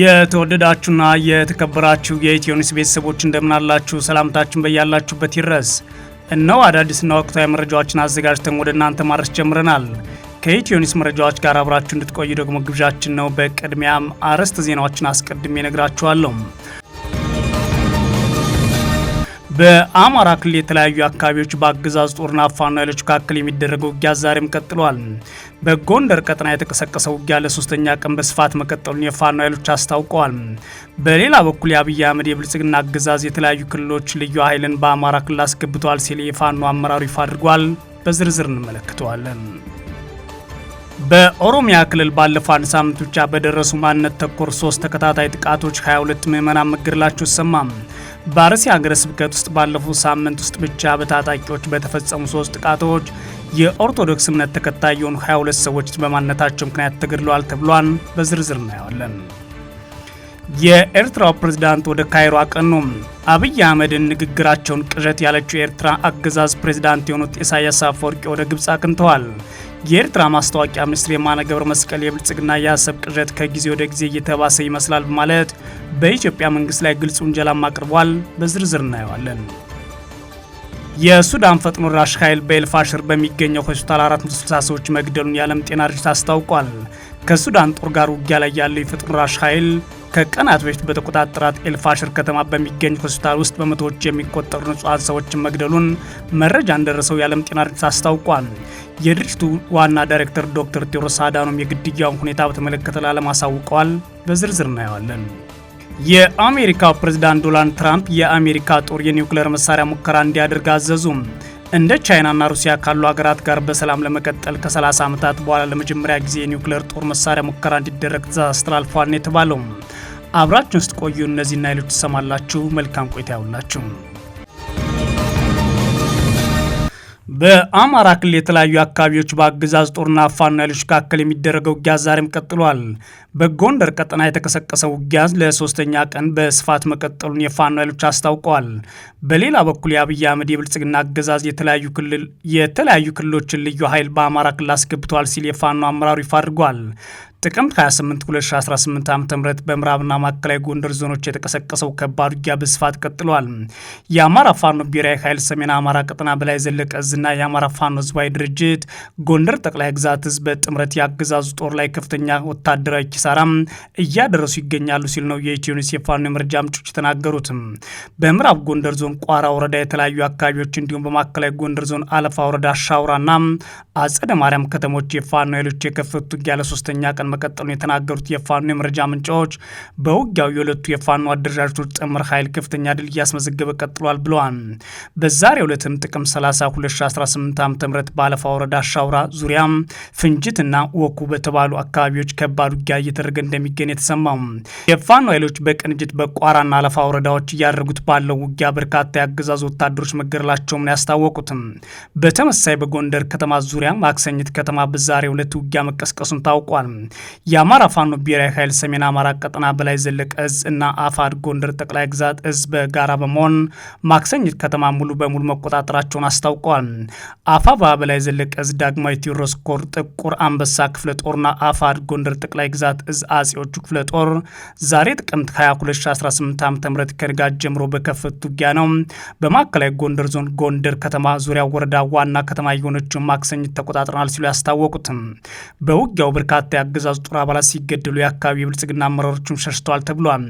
የተወደዳችሁና የተከበራችሁ የኢትዮኒስ ቤተሰቦች እንደምናላችሁ ሰላምታችን በያላችሁበት ይድረስ። እነው አዳዲስና ወቅታዊ መረጃዎችን አዘጋጅተን ወደ እናንተ ማድረስ ጀምረናል። ከኢትዮኒስ መረጃዎች ጋር አብራችሁ እንድትቆዩ ደግሞ ግብዣችን ነው። በቅድሚያም አርዕስተ ዜናዎችን አስቀድሜ ነግራችኋለሁ። በአማራ ክልል የተለያዩ አካባቢዎች በአገዛዝ ጦርና ፋኖ ኃይሎች መካከል የሚደረገው ውጊያ ዛሬም ቀጥሏል። በጎንደር ቀጠና የተቀሰቀሰው ውጊያ ለሶስተኛ ቀን በስፋት መቀጠሉን የፋኖ ኃይሎች አስታውቀዋል። በሌላ በኩል የአብይ አህመድ የብልጽግና አገዛዝ የተለያዩ ክልሎች ልዩ ኃይልን በአማራ ክልል አስገብተዋል ሲል የፋኖ አመራሩ ይፋ አድርጓል። በዝርዝር እንመለከተዋለን። በኦሮሚያ ክልል ባለፈው አንድ ሳምንት ብቻ በደረሱ ማንነት ተኮር ሶስት ተከታታይ ጥቃቶች 22 ምዕመናን መገደላቸው ተሰማም። በአርሲ ሀገረ ስብከት ውስጥ ባለፉት ሳምንት ውስጥ ብቻ በታጣቂዎች በተፈጸሙ ሶስት ጥቃቶች የኦርቶዶክስ እምነት ተከታይ የሆኑ 22 ሰዎች በማንነታቸው ምክንያት ተገድለዋል ተብሏል። በዝርዝር እናየዋለን። የኤርትራው ፕሬዝዳንት ወደ ካይሮ አቀኑ። አብይ አህመድን ንግግራቸውን ቅዠት ያለችው የኤርትራ አገዛዝ ፕሬዝዳንት የሆኑት ኢሳያስ አፈወርቂ ወደ ግብፅ አቅንተዋል። የኤርትራ ማስታወቂያ ሚኒስትር የማነ ገብረ መስቀል የብልጽግና የአሰብ ቅዠት ከጊዜ ወደ ጊዜ እየተባሰ ይመስላል በማለት በኢትዮጵያ መንግስት ላይ ግልጽ ውንጀላም አቅርቧል። በዝርዝር እናየዋለን። የሱዳን ፈጥኖ ራሽ ኃይል በኤልፋሽር በሚገኘው ሆስፒታል 460 ሰዎች መግደሉን የዓለም ጤና ድርጅት አስታውቋል። ከሱዳን ጦር ጋር ውጊያ ላይ ያለው የፈጥኖ ራሽ ኃይል ከቀናት በፊት በተቆጣጠራት ኤልፋሽር ከተማ በሚገኝ ሆስፒታል ውስጥ በመቶዎች የሚቆጠሩ ንጹሐን ሰዎችን መግደሉን መረጃ እንደደረሰው የዓለም ጤና ድርጅት አስታውቋል። የድርጅቱ ዋና ዳይሬክተር ዶክተር ቴዎድሮስ አዳኖም የግድያውን ሁኔታ በተመለከተ ለዓለም አሳውቀዋል። በዝርዝር እናየዋለን። የአሜሪካ ፕሬዝዳንት ዶናልድ ትራምፕ የአሜሪካ ጦር የኒውክሌር መሳሪያ ሙከራ እንዲያደርግ አዘዙም። እንደ ቻይናና ሩሲያ ካሉ ሀገራት ጋር በሰላም ለመቀጠል ከ30 ዓመታት በኋላ ለመጀመሪያ ጊዜ የኒውክሌር ጦር መሳሪያ ሙከራ እንዲደረግ ትዕዛዝ አስተላልፏል ነው የተባለው። አብራችን ውስጥ ቆዩ። እነዚህና ሌሎች ትሰማላችሁ። መልካም ቆይታ ያውላችሁ። በአማራ ክልል የተለያዩ አካባቢዎች በአገዛዝ ጦርና ፋኖ ኃይሎች መካከል የሚደረገው ውጊያ ዛሬም ቀጥሏል። በጎንደር ቀጠና የተቀሰቀሰው ውጊያ ለሶስተኛ ቀን በስፋት መቀጠሉን የፋኖ ኃይሎች አስታውቀዋል። በሌላ በኩል የአብይ አህመድ የብልጽግና አገዛዝ የተለያዩ ክልሎችን ልዩ ኃይል በአማራ ክልል አስገብተዋል ሲል የፋኖ አመራሩ ይፋ አድርጓል። ጥቅምት 28 2018 ዓ ም በምዕራብና ማዕከላዊ ጎንደር ዞኖች የተቀሰቀሰው ከባድ ውጊያ በስፋት ቀጥሏል። የአማራ ፋኖ ብሔራዊ ኃይል ሰሜን አማራ ቀጠና በላይ ዘለቀ እዝና የአማራ ፋኖ ህዝባዊ ድርጅት ጎንደር ጠቅላይ ግዛት ህዝብ በጥምረት የአገዛዙ ጦር ላይ ከፍተኛ ወታደራዊ ኪሳራም እያደረሱ ይገኛሉ ሲል ነው የኢትዮኒስ የፋኖ የመረጃ ምንጮች የተናገሩት። በምዕራብ ጎንደር ዞን ቋራ ወረዳ የተለያዩ አካባቢዎች እንዲሁም በማዕከላዊ ጎንደር ዞን አለፋ ወረዳ ሻውራና አጸደ ማርያም ከተሞች የፋኖ ኃይሎች የከፈቱት ውጊያ ለሶስተኛ ቀን ቀን መቀጠሉን የተናገሩት የፋኖ የመረጃ ምንጫዎች በውጊያው የሁለቱ የፋኖ አደረጃጀቶች ጥምር ኃይል ከፍተኛ ድል እያስመዘገበ ቀጥሏል ብለዋል። በዛሬው ዕለትም ጥቅም 30 2018 ዓ ም ባለፋ ወረዳ ሻውራ ዙሪያ ፍንጅትና ወኩ በተባሉ አካባቢዎች ከባድ ውጊያ እየተደረገ እንደሚገኝ የተሰማው የፋኖ ኃይሎች በቅንጅት በቋራና አለፋ ወረዳዎች እያደረጉት ባለው ውጊያ በርካታ የአገዛዙ ወታደሮች መገደላቸውን ያስታወቁትም። በተመሳይ በጎንደር ከተማ ዙሪያ ማክሰኝት ከተማ በዛሬው ዕለት ውጊያ መቀስቀሱን ታውቋል። የአማራ ፋኖ ብሔራዊ ኃይል ሰሜን አማራ ቀጠና በላይ ዘለቀ እዝ እና አፋድ ጎንደር ጠቅላይ ግዛት እዝ በጋራ በመሆን ማክሰኝት ከተማ ሙሉ በሙሉ መቆጣጠራቸውን አስታውቀዋል። አፋባ በላይ ዘለቀ እዝ ዳግማዊ ቴዎድሮስ ኮር ጥቁር አንበሳ ክፍለ ጦርና አፋድ ጎንደር ጠቅላይ ግዛት እዝ አጼዎቹ ክፍለ ጦር ዛሬ ጥቅምት 22/2018 ዓ ም ከንጋት ጀምሮ በከፈቱት ውጊያ ነው በማዕከላዊ ጎንደር ዞን ጎንደር ከተማ ዙሪያ ወረዳ ዋና ከተማ የሆነችውን ማክሰኝት ተቆጣጥረናል ሲሉ ያስታወቁትም በውጊያው በርካታ ያግዛ የአገዛዙ ጦር አባላት ሲገደሉ የአካባቢ የብልጽግና አመራሮችም ሸሽተዋል ተብሏል።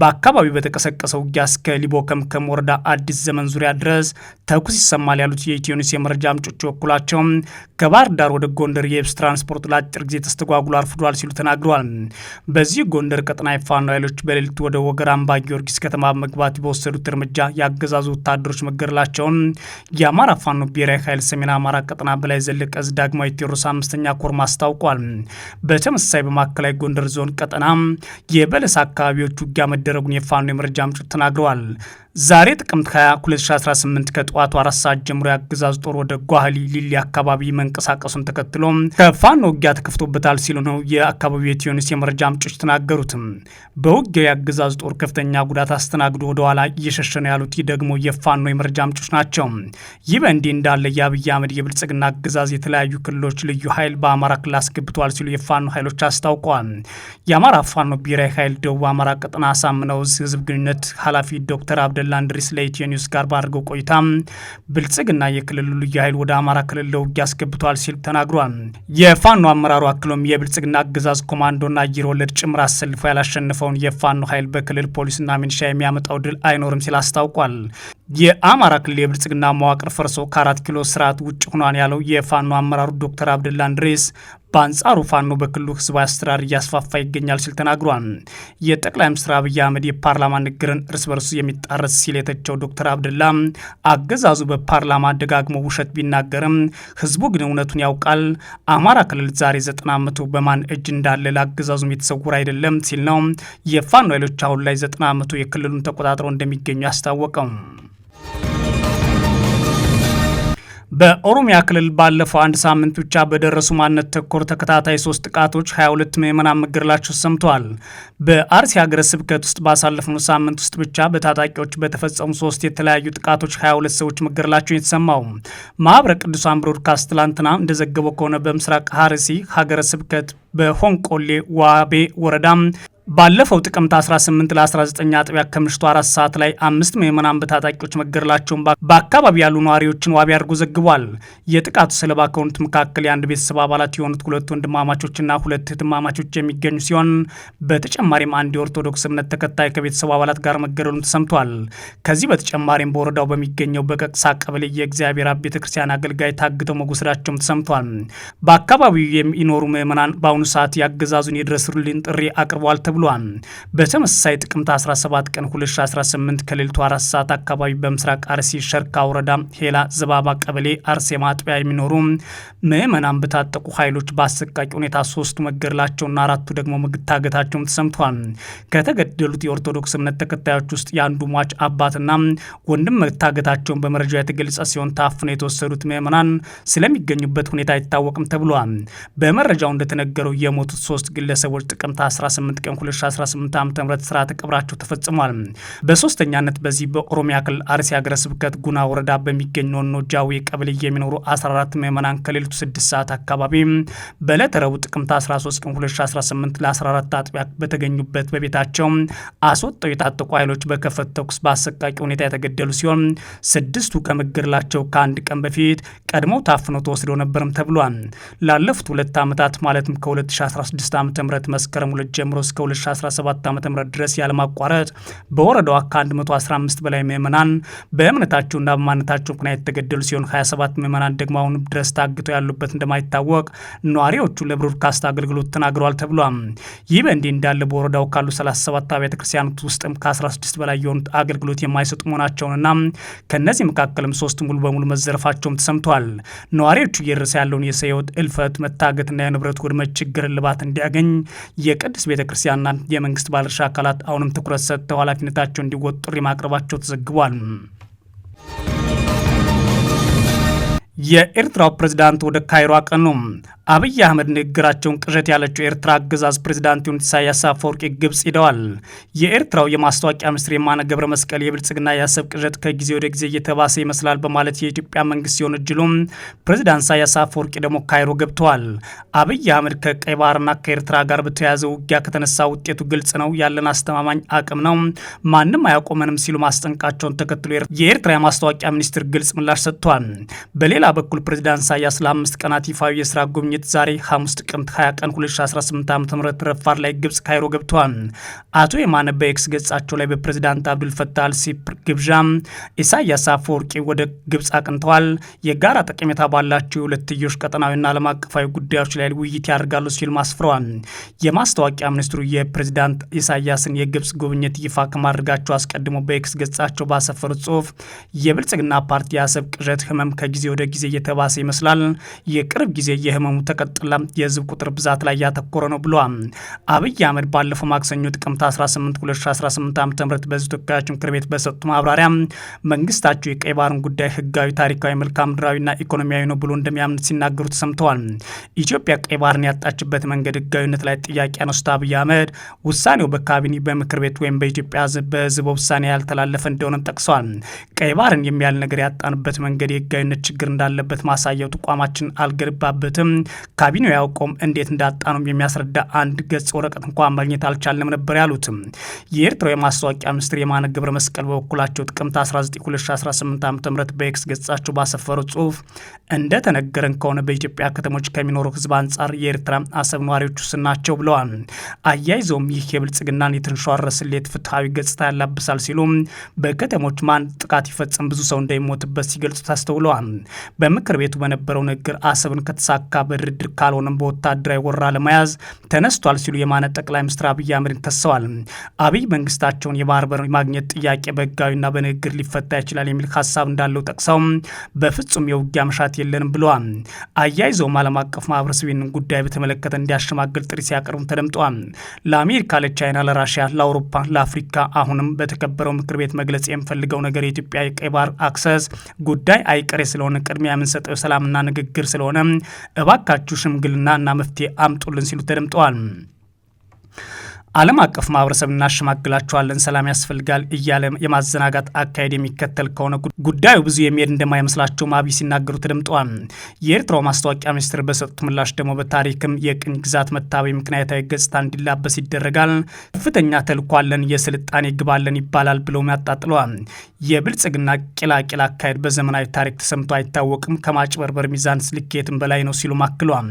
በአካባቢው በተቀሰቀሰው ውጊያ እስከ ሊቦ ከምከም ወረዳ አዲስ ዘመን ዙሪያ ድረስ ተኩስ ይሰማል ያሉት የኢትዮኒስ የመረጃ ምንጮች በኩላቸው ከባህር ዳር ወደ ጎንደር የብስ ትራንስፖርት ለአጭር ጊዜ ተስተጓጉሎ አርፍዷል ሲሉ ተናግረዋል። በዚህ ጎንደር ቀጠና የፋኖ ኃይሎች በሌሊት ወደ ወገራ አምባ ጊዮርጊስ ከተማ መግባት በወሰዱት እርምጃ የአገዛዙ ወታደሮች መገደላቸውን የአማራ ፋኖ ብሔራዊ ኃይል ሰሜን አማራ ቀጠና በላይ ዘለቀ ዕዝ ዳግማዊ ቴዎድሮስ አምስተኛ ኮር አስታውቋል። በተመሳሳይ በማዕከላዊ ጎንደር ዞን ቀጠና የበለስ አካባቢዎች ውጊያ መደረጉን የፋኖ የመረጃ ምንጮች ተናግረዋል። ዛሬ ጥቅምት 20 2018 ከጠዋቱ አራት ሰዓት ጀምሮ የአገዛዝ ጦር ወደ ጓህሊ ሊሊ አካባቢ መንቀሳቀሱን ተከትሎ ከፋኖ ውጊያ ተከፍቶበታል ሲሉ ነው የአካባቢው የትዮኒስ የመረጃ ምንጮች ተናገሩትም። በውጊያው የአገዛዝ ጦር ከፍተኛ ጉዳት አስተናግዶ ወደኋላ እየሸሸ ነው ያሉት ደግሞ የፋኖ የመረጃ ምንጮች ናቸው። ይህ በእንዲህ እንዳለ የአብይ አህመድ የብልጽግና አገዛዝ የተለያዩ ክልሎች ልዩ ኃይል በአማራ ክልል አስገብተዋል ሲሉ የፋኖ ኃይሎች አስታውቀዋል። የአማራ ፋኖ ብሔራዊ ኃይል ደቡብ አማራ ቀጠና አሳምነው ህዝብ ግንኙነት ኃላፊ ዶክተር አብደ ደላንድሪስ ለኢትዮ ኒውስ ጋር ባደረገው ቆይታ ብልጽግና የክልሉ ልዩ ኃይል ወደ አማራ ክልል ለውጊያ አስገብቷል ሲል ተናግሯል። የፋኖ አመራሩ አክሎም የብልጽግና አገዛዝ ኮማንዶና አየር ወለድ ጭምር አሰልፎ ያላሸነፈውን የፋኖ ኃይል በክልል ፖሊስና ሚኒሻ የሚያመጣው ድል አይኖርም ሲል አስታውቋል። የአማራ ክልል የብልጽግና መዋቅር ፈርሶ ከአራት ኪሎ ስርዓት ውጭ ሆኗል ያለው የፋኖ አመራሩ ዶክተር አብደላ እንድሬስ በአንጻሩ ፋኖ በክልሉ ህዝባዊ አስተዳደር እያስፋፋ ይገኛል ሲል ተናግሯል። የጠቅላይ ሚኒስትር አብይ አህመድ የፓርላማ ንግግርን እርስ በርሱ የሚጣረስ ሲል የተቸው ዶክተር አብደላ አገዛዙ በፓርላማ ደጋግሞ ውሸት ቢናገርም ህዝቡ ግን እውነቱን ያውቃል፣ አማራ ክልል ዛሬ ዘጠና መቶ በማን እጅ እንዳለ ለአገዛዙም የተሰውር አይደለም ሲል ነው የፋኖ ኃይሎች አሁን ላይ ዘጠና መቶ የክልሉን ተቆጣጥረው እንደሚገኙ ያስታወቀው። በኦሮሚያ ክልል ባለፈው አንድ ሳምንት ብቻ በደረሱ ማንነት ተኮር ተከታታይ ሶስት ጥቃቶች 22 ምዕመናን መገደላቸው ሰምተዋል። በአርሲ ሀገረ ስብከት ውስጥ ባሳለፍነው ሳምንት ውስጥ ብቻ በታጣቂዎች በተፈጸሙ ሶስት የተለያዩ ጥቃቶች 22 ሰዎች መገደላቸው የተሰማው ማህበረ ቅዱሳን ብሮድካስት ትላንትና እንደዘገበው ከሆነ በምስራቅ ሀርሲ ሀገረ ስብከት በሆንቆሌ ዋቤ ወረዳም ባለፈው ጥቅምት 18 ለ19 አጥቢያ ከምሽቱ አራት ሰዓት ላይ አምስት ምዕመናን በታጣቂዎች መገደላቸውን በአካባቢ ያሉ ነዋሪዎችን ዋቢ አድርጎ ዘግቧል። የጥቃቱ ሰለባ ከሆኑት መካከል የአንድ ቤተሰብ አባላት የሆኑት ሁለት ወንድማማቾችና ሁለት እህትማማቾች የሚገኙ ሲሆን በተጨማሪም አንድ የኦርቶዶክስ እምነት ተከታይ ከቤተሰብ አባላት ጋር መገደሉም ተሰምቷል። ከዚህ በተጨማሪም በወረዳው በሚገኘው በቀቅሳ ቀበሌ የእግዚአብሔር አብ ቤተክርስቲያን አገልጋይ ታግተው መወሰዳቸውም ተሰምቷል። በአካባቢው የሚኖሩ ምዕመናን በአሁኑ ሰዓት ያገዛዙን የድረሱልን ጥሪ አቅርበዋል ተብሏል። ብሏል። በተመሳሳይ ጥቅምት 17 ቀን 2018 ከሌሊቱ አራት ሰዓት አካባቢ በምስራቅ አርሲ ሸርካ ወረዳ ሄላ ዘባባ ቀበሌ አርሴማ አጥቢያ የሚኖሩ ምዕመናን በታጠቁ ኃይሎች በአሰቃቂ ሁኔታ ሶስቱ መገደላቸውና አራቱ ደግሞ መታገታቸውም ተሰምቷል። ከተገደሉት የኦርቶዶክስ እምነት ተከታዮች ውስጥ የአንዱ ሟች አባትና ወንድም መታገታቸውን በመረጃ የተገለጸ ሲሆን ታፍነው የተወሰዱት ምዕመናን ስለሚገኙበት ሁኔታ አይታወቅም ተብሏል። በመረጃው እንደተነገረው የሞቱት ሶስት ግለሰቦች ጥቅምት 18 ቀን 2018 ዓ ም ስርዓተ ቀብራቸው ተፈጽሟል። በሶስተኛነት በዚህ በኦሮሚያ ክልል አርሲ ሀገረ ስብከት ጉና ወረዳ በሚገኝ ኖኖ ጃዊ ቀበሌ የሚኖሩ 14 ምዕመናን ከሌሊቱ 6 ሰዓት አካባቢ በዕለተ ረቡዕ ጥቅምት 13 ቀን 2018 ለ14 አጥቢያ በተገኙበት በቤታቸው አስወጠው የታጠቁ ኃይሎች በከፈት ተኩስ በአሰቃቂ ሁኔታ የተገደሉ ሲሆን ስድስቱ ከመገደላቸው ከአንድ ቀን በፊት ቀድሞው ታፍነው ተወስደው ነበርም ተብሏል። ላለፉት ሁለት ዓመታት ማለትም ከ2016 ዓ ም መስከረም ሁለት ጀምሮ እስከ 2017 ዓ ም ድረስ ያለማቋረጥ በወረዳዋ ከ115 በላይ ምዕመናን በእምነታቸውና በማንነታቸው ምክንያት የተገደሉ ሲሆን 27 ምዕመናን ደግሞ አሁን ድረስ ታግተው ያሉበት እንደማይታወቅ ነዋሪዎቹ ለብሮድካስት አገልግሎት ተናግረዋል ተብሏል። ይህ በእንዲህ እንዳለ በወረዳው ካሉ 37 አብያተ ክርስቲያናት ውስጥም ከ16 በላይ የሆኑት አገልግሎት የማይሰጡ መሆናቸውንና ከእነዚህ መካከልም ሶስት ሙሉ በሙሉ መዘረፋቸውም ተሰምቷል። ነዋሪዎቹ እየደረሰ ያለውን የሰው ሕይወት እልፈት መታገትና የንብረት ውድመት ችግር እልባት እንዲያገኝ የቅድስት ቤተ ክርስቲያን ባለስልጣንና የመንግስት ባለድርሻ አካላት አሁንም ትኩረት ሰጥተው ኃላፊነታቸው እንዲወጡ ጥሪ ማቅረባቸው ተዘግቧል። የኤርትራው ፕሬዝዳንት ወደ ካይሮ አቀኑ። አብይ አህመድ ንግግራቸውን ቅዠት ያለችው ኤርትራ አገዛዝ ፕሬዝዳንት ዩን ኢሳያስ አፈወርቂ ግብጽ ሂደዋል። የኤርትራው የማስታወቂያ ሚኒስትር የማነ ገብረ መስቀል የብልጽግና የአሰብ ቅዠት ከጊዜ ወደ ጊዜ እየተባሰ ይመስላል በማለት የኢትዮጵያ መንግስት ሲሆን እጅሉም ፕሬዝዳንት ኢሳያስ አፈወርቂ ደግሞ ካይሮ ገብተዋል። አብይ አህመድ ከቀይ ባህርና ከኤርትራ ጋር በተያያዘ ውጊያ ከተነሳ ውጤቱ ግልጽ ነው፣ ያለን አስተማማኝ አቅም ነው፣ ማንም አያቆመንም ሲሉ ማስጠንቃቸውን ተከትሎ የኤርትራ የማስታወቂያ ሚኒስትር ግልጽ ምላሽ ሰጥቷል። በሌላ በኩል ፕሬዚዳንት ኢሳያስ ለአምስት ቀናት ይፋዊ የስራ ጉብኝት ዛሬ ሐሙስ ጥቅምት 20 ቀን 2018 ዓ ም ረፋድ ላይ ግብጽ ካይሮ ገብተዋል። አቶ የማነ በኤክስ ገጻቸው ላይ በፕሬዚዳንት አብዱልፈታል ሲፕር ግብዣ ኢሳያስ አፈወርቂ ወደ ግብጽ አቅንተዋል። የጋራ ጠቀሜታ ባላቸው የሁለትዮሽ ቀጠናዊና ዓለም አቀፋዊ ጉዳዮች ላይ ውይይት ያደርጋሉ ሲል ማስፍረዋል። የማስታወቂያ ሚኒስትሩ የፕሬዚዳንት ኢሳያስን የግብጽ ጉብኝት ይፋ ከማድረጋቸው አስቀድሞ በኤክስ ገጻቸው ባሰፈሩት ጽሁፍ የብልጽግና ፓርቲ የአሰብ ቅዠት ህመም ከጊዜ ወደ ጊዜ ጊዜ እየተባሰ ይመስላል። የቅርብ ጊዜ የህመሙ ተቀጥላ የህዝብ ቁጥር ብዛት ላይ ያተኮረ ነው ብሏል። አብይ አህመድ ባለፈው ማክሰኞ ጥቅምት 18 2018 ዓ ም በዚህ ተወካዮች ምክር ቤት በሰጡ ማብራሪያ መንግስታቸው የቀይ ባህርን ጉዳይ ህጋዊ፣ ታሪካዊ፣ መልክዓ ምድራዊና ኢኮኖሚያዊ ነው ብሎ እንደሚያምን ሲናገሩ ተሰምተዋል። ኢትዮጵያ ቀይ ባህርን ያጣችበት መንገድ ህጋዊነት ላይ ጥያቄ ያነሱት አብይ አህመድ ውሳኔው በካቢኔ በምክር ቤት ወይም በኢትዮጵያ በህዝበ ውሳኔ ያልተላለፈ እንደሆነም ጠቅሰዋል። ቀይ ባህርን ነገር ያጣንበት መንገድ የህጋዊነት ችግር እንዳለበት ማሳያው ተቋማችን አልገርባበትም ካቢኔው ያውቀውም እንዴት እንዳጣ ነው የሚያስረዳ አንድ ገጽ ወረቀት እንኳን ማግኘት አልቻለም ነበር ያሉትም። የኤርትራው የማስታወቂያ ሚኒስትር የማነ ገብረ መስቀል በበኩላቸው ጥቅምት 19 2018 ዓ ም በኤክስ ገጻቸው ባሰፈሩ ጽሁፍ እንደተነገረን ከሆነ በኢትዮጵያ ከተሞች ከሚኖሩ ህዝብ አንጻር የኤርትራ አሰብ ነዋሪዎች ውስን ናቸው ብለዋል። አያይዘውም ይህ የብልጽግናን የተንሸዋረ ስሌት ፍትሐዊ ገጽታ ያላብሳል ሲሉ በከተሞች ማን ጥቃት ይፈጽም ብዙ ሰው እንደሚሞትበት ሲገልጹ ታስተውለዋል። በምክር ቤቱ በነበረው ንግግር አሰብን ከተሳካ በድርድር ካልሆነም በወታደራዊ ወራ ለመያዝ ተነስቷል ሲሉ የማነ ጠቅላይ ሚኒስትር አብይ አህመድን ከሰዋል። አብይ መንግስታቸውን የባህር በር ማግኘት ጥያቄ በህጋዊና በንግግር ሊፈታ ይችላል የሚል ሀሳብ እንዳለው ጠቅሰው በፍጹም የውጊያ መሻት የለንም ብለዋል። አያይዘውም ዓለም አቀፍ ማህበረሰብ ጉዳይ በተመለከተ እንዲያሸማግል ጥሪ ሲያቀርቡም ተደምጠዋል። ለአሜሪካ፣ ለቻይና፣ ለራሽያ፣ ለአውሮፓ፣ ለአፍሪካ አሁንም በተከበረው ምክር ቤት መግለጽ የምፈልገው ነገር የኢትዮጵያ የቀይ ባህር አክሰስ ጉዳይ አይቀሬ ስለሆነ ቅድ ቅድሚያ የምንሰጠው ሰላምና ንግግር ስለሆነ እባካችሁ ሽምግልናና መፍትሄ አምጡልን ሲሉ ተደምጠዋል። ዓለም አቀፍ ማህበረሰብ እናሸማግላቸዋለን፣ ሰላም ያስፈልጋል እያለ የማዘናጋት አካሄድ የሚከተል ከሆነ ጉዳዩ ብዙ የሚሄድ እንደማይመስላቸውም አብይ ሲናገሩ ተደምጠዋል። የኤርትራው ማስታወቂያ ሚኒስትር በሰጡት ምላሽ ደግሞ በታሪክም የቅኝ ግዛት መታበይ ምክንያታዊ ገጽታ እንዲላበስ ይደረጋል፣ ከፍተኛ ተልኳለን የስልጣኔ ግባለን ይባላል ብለውም ያጣጥለዋል። የብልጽግና ቂላቂል አካሄድ በዘመናዊ ታሪክ ተሰምቶ አይታወቅም፣ ከማጭበርበር ሚዛን ስልኬትም በላይ ነው ሲሉ አክለዋል።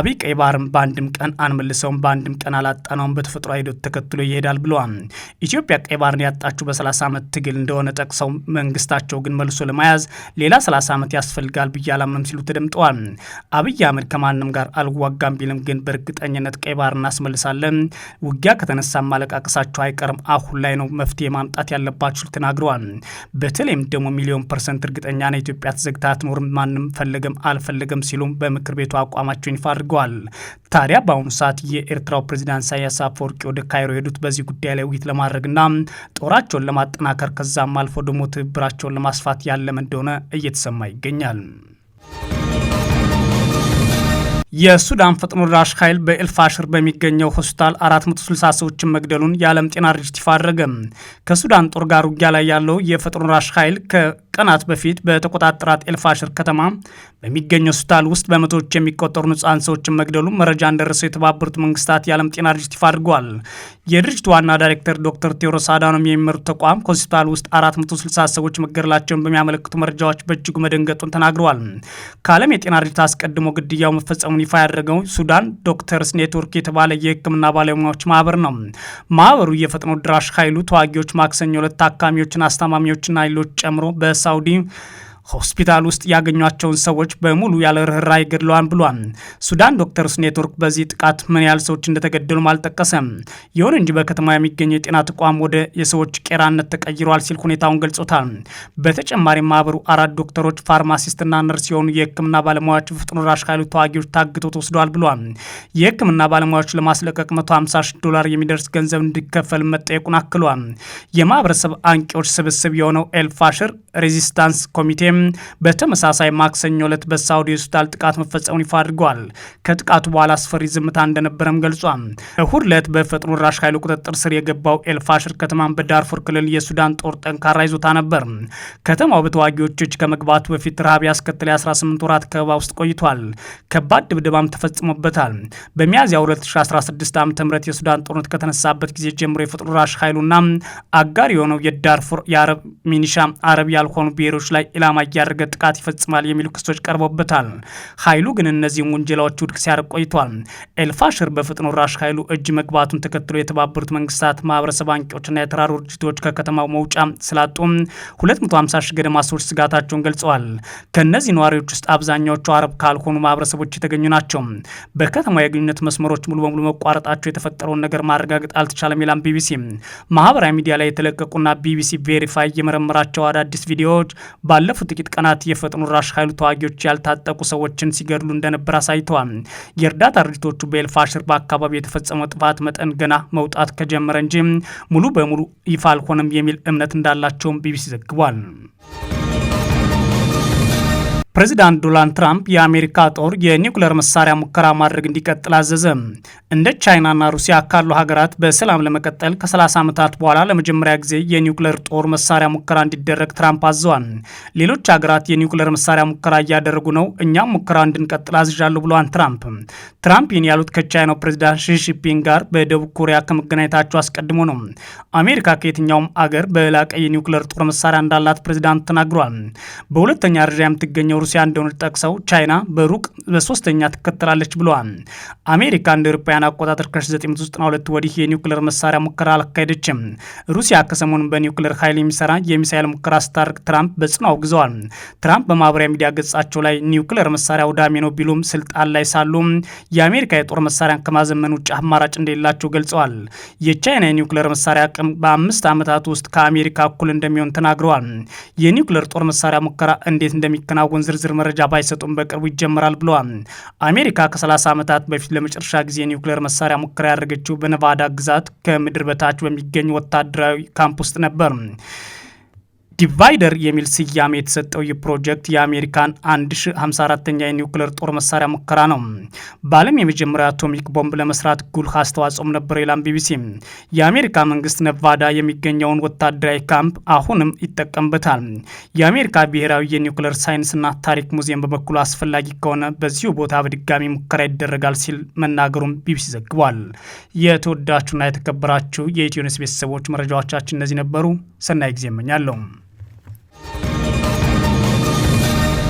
አብይ ቀይ ባህርን በአንድም ቀን አንመልሰውም፣ በአንድም ቀን አላጣነውም በተፈጥሮ ዲሞክራሲያዊ ሂደት ተከትሎ ይሄዳል ብለዋል። ኢትዮጵያ ቀይ ባህርን ያጣችው በ30 ዓመት ትግል እንደሆነ ጠቅሰው መንግስታቸው ግን መልሶ ለመያዝ ሌላ 30 ዓመት ያስፈልጋል ብዬ አላምንም ሲሉ ተደምጠዋል። አብይ አህመድ ከማንም ጋር አልዋጋም ቢልም ግን በእርግጠኝነት ቀይ ባህር እናስመልሳለን፣ ውጊያ ከተነሳ ማለቃቀሳቸው አይቀርም፣ አሁን ላይ ነው መፍትሄ ማምጣት ያለባችሁ ተናግረዋል። በተለይም ደግሞ ሚሊዮን ፐርሰንት እርግጠኛ ነ ኢትዮጵያ ተዘግታ አትኖርም፣ ማንም ፈለገም አልፈለገም ሲሉም በምክር ቤቱ አቋማቸውን ይፋ አድርገዋል። ታዲያ በአሁኑ ሰዓት የኤርትራው ፕሬዚዳንት ኢሳያስ ወደ ካይሮ የሄዱት በዚህ ጉዳይ ላይ ውይይት ለማድረግና ጦራቸውን ለማጠናከር ከዛም አልፎ ደግሞ ትብብራቸውን ለማስፋት ያለመ እንደሆነ እየተሰማ ይገኛል። የሱዳን ፈጥኖ ደራሽ ኃይል በኤልፋሽር በሚገኘው ሆስፒታል 460 ሰዎችን መግደሉን የዓለም ጤና ድርጅት ይፋ አድረገ። ከሱዳን ጦር ጋር ውጊያ ላይ ያለው የፈጥኖ ደራሽ ኃይል ከቀናት በፊት በተቆጣጠራት ኤልፋሽር ከተማ በሚገኝ ሆስፒታል ውስጥ በመቶዎች የሚቆጠሩ ንጹሐን ሰዎችን መግደሉን መረጃ እንደደረሰው የተባበሩት መንግስታት የዓለም ጤና ድርጅት ይፋ አድርጓል። የድርጅቱ ዋና ዳይሬክተር ዶክተር ቴዎድሮስ አዳኖም የሚመሩት ተቋም ከሆስፒታል ውስጥ 460 ሰዎች መገደላቸውን በሚያመለክቱ መረጃዎች በእጅጉ መደንገጡን ተናግረዋል። ከዓለም የጤና ድርጅት አስቀድሞ ግድያው መፈጸሙን ይፋ ያደረገው ሱዳን ዶክተርስ ኔትወርክ የተባለ የህክምና ባለሙያዎች ማህበር ነው። ማህበሩ የፈጥኖ ድራሽ ኃይሉ ተዋጊዎች ማክሰኞ ሁለት ታካሚዎችን፣ አስታማሚዎችና ሌሎች ጨምሮ በሳውዲ ሆስፒታል ውስጥ ያገኟቸውን ሰዎች በሙሉ ያለ ርኅራኄ ብሏል። ሱዳን ዶክተርስ ኔትወርክ በዚህ ጥቃት ምን ያህል ሰዎች እንደተገደሉም አልጠቀሰም። ይሁን እንጂ በከተማ የሚገኘው የጤና ተቋም ወደ የሰዎች ቄራነት ተቀይሯል ሲል ሁኔታውን ገልጾታል። በተጨማሪም ማህበሩ አራት ዶክተሮች፣ ፋርማሲስትና ነርስ የሆኑ የህክምና ባለሙያዎች ፍጥኖ ደራሽ ኃይሉ ተዋጊዎች ታግቶ ተወስደዋል ብሏል። የህክምና ባለሙያዎች ለማስለቀቅ 150 ሺህ ዶላር የሚደርስ ገንዘብ እንዲከፈል መጠየቁን አክሏል። የማህበረሰብ አንቂዎች ስብስብ የሆነው ኤልፋሽር ሬዚስታንስ ኮሚቴ በተመሳሳይ ማክሰኞ ዕለት በሳውዲ ሆስፒታል ጥቃት መፈጸሙን ይፋ አድርጓል። ከጥቃቱ በኋላ አስፈሪ ዝምታ እንደነበረም ገልጿል። እሁድ ዕለት በፈጥኖ ደራሽ ኃይሉ ቁጥጥር ስር የገባው ኤልፋሽር ከተማን በዳርፉር ክልል የሱዳን ጦር ጠንካራ ይዞታ ነበር። ከተማው በተዋጊዎች እጅ ከመግባቱ በፊት ረሃብ ያስከተለ 18 ወራት ከበባ ውስጥ ቆይቷል። ከባድ ድብደባም ተፈጽሞበታል። በሚያዝያ 2016 ዓ ም የሱዳን ጦርነት ከተነሳበት ጊዜ ጀምሮ የፈጥኖ ደራሽ ኃይሉና አጋር የሆነው የዳርፉር የአረብ ሚኒሻ አረብ ያልሆኑ ብሔሮች ላይ ኢላማ እያደረገ ጥቃት ይፈጽማል የሚሉ ክሶች ቀርቦበታል። ኃይሉ ግን እነዚህን ውንጀላዎች ውድቅ ሲያደርግ ቆይቷል። ኤልፋሽር በፍጥኖ ራሽ ኃይሉ እጅ መግባቱን ተከትሎ የተባበሩት መንግስታት ማህበረሰብ አንቂዎችና የተራሩ ድርጅቶች ከከተማው መውጫ ስላጡ 250 ሺህ ገደማ ሰዎች ስጋታቸውን ገልጸዋል። ከእነዚህ ነዋሪዎች ውስጥ አብዛኛዎቹ አረብ ካልሆኑ ማህበረሰቦች የተገኙ ናቸው። በከተማ የግንኙነት መስመሮች ሙሉ በሙሉ መቋረጣቸው የተፈጠረውን ነገር ማረጋገጥ አልተቻለም ይላል ቢቢሲ። ማህበራዊ ሚዲያ ላይ የተለቀቁና ቢቢሲ ቬሪፋይ የመረመራቸው አዳዲስ ቪዲዮዎች ባለፉት ጥቂት ቀናት የፈጥኖ ራሽ ኃይሉ ተዋጊዎች ያልታጠቁ ሰዎችን ሲገድሉ እንደነበር አሳይተዋል። የእርዳታ ድርጅቶቹ በኤልፋሽር በአካባቢው የተፈጸመው ጥፋት መጠን ገና መውጣት ከጀመረ እንጂ ሙሉ በሙሉ ይፋ አልሆነም የሚል እምነት እንዳላቸውም ቢቢሲ ዘግቧል። ፕሬዚዳንት ዶናልድ ትራምፕ የአሜሪካ ጦር የኒውክሌር መሳሪያ ሙከራ ማድረግ እንዲቀጥል አዘዘ። እንደ ቻይናና ሩሲያ ካሉ ሀገራት በሰላም ለመቀጠል ከ30 ዓመታት በኋላ ለመጀመሪያ ጊዜ የኒውክሌር ጦር መሳሪያ ሙከራ እንዲደረግ ትራምፕ አዘዋል። ሌሎች ሀገራት የኒውክሌር መሳሪያ ሙከራ እያደረጉ ነው፣ እኛም ሙከራ እንድንቀጥል አዝዣለሁ ብለዋል ትራምፕ። ትራምፕ ይህን ያሉት ከቻይናው ፕሬዚዳንት ሺጂንፒንግ ጋር በደቡብ ኮሪያ ከመገናኘታቸው አስቀድሞ ነው። አሜሪካ ከየትኛውም አገር በላቀ የኒውክሌር ጦር መሳሪያ እንዳላት ፕሬዚዳንት ተናግሯል። በሁለተኛ ደረጃ የምትገኘው ሩሲያ እንደሆነች ጠቅሰው ቻይና በሩቅ በሶስተኛ ትከተላለች ብለዋል። አሜሪካ እንደ አውሮፓውያን አቆጣጠር ከ1992 ወዲህ የኒውክሌር መሳሪያ ሙከራ አላካሄደችም። ሩሲያ ከሰሞኑን በኒውክሌር ኃይል የሚሰራ የሚሳኤል ሙከራ ስታደርግ ትራምፕ በጽኑ አውግዘዋል። ትራምፕ በማህበራዊ ሚዲያ ገጻቸው ላይ ኒውክሌር መሳሪያ ውዳሜ ነው ቢሉም ስልጣን ላይ ሳሉ የአሜሪካ የጦር መሳሪያን ከማዘመን ውጭ አማራጭ እንደሌላቸው ገልጸዋል። የቻይና የኒውክሌር መሳሪያ አቅም በአምስት ዓመታት ውስጥ ከአሜሪካ እኩል እንደሚሆን ተናግረዋል። የኒውክሌር ጦር መሳሪያ ሙከራ እንዴት እንደሚከናወን ዝርዝር መረጃ ባይሰጡም በቅርቡ ይጀምራል ብለዋል። አሜሪካ ከ30 ዓመታት በፊት ለመጨረሻ ጊዜ ኒውክሌር መሳሪያ ሙከራ ያደረገችው በነቫዳ ግዛት ከምድር በታች በሚገኝ ወታደራዊ ካምፕ ውስጥ ነበር። ዲቫይደር የሚል ስያሜ የተሰጠው ይህ ፕሮጀክት የአሜሪካን 1054ኛ የኒውክሌር ጦር መሳሪያ ሙከራ ነው። በዓለም የመጀመሪያ አቶሚክ ቦምብ ለመስራት ጉልህ አስተዋጽኦም ነበር ይላል ቢቢሲ። የአሜሪካ መንግስት ነቫዳ የሚገኘውን ወታደራዊ ካምፕ አሁንም ይጠቀምበታል። የአሜሪካ ብሔራዊ የኒውክሌር ሳይንስና ታሪክ ሙዚየም በበኩሉ አስፈላጊ ከሆነ በዚሁ ቦታ በድጋሚ ሙከራ ይደረጋል ሲል መናገሩም ቢቢሲ ዘግቧል። የተወዳችሁና የተከበራችሁ የኢትዮኒስ ቤተሰቦች መረጃዎቻችን እነዚህ ነበሩ። ሰናይ ጊዜ እመኛለሁ።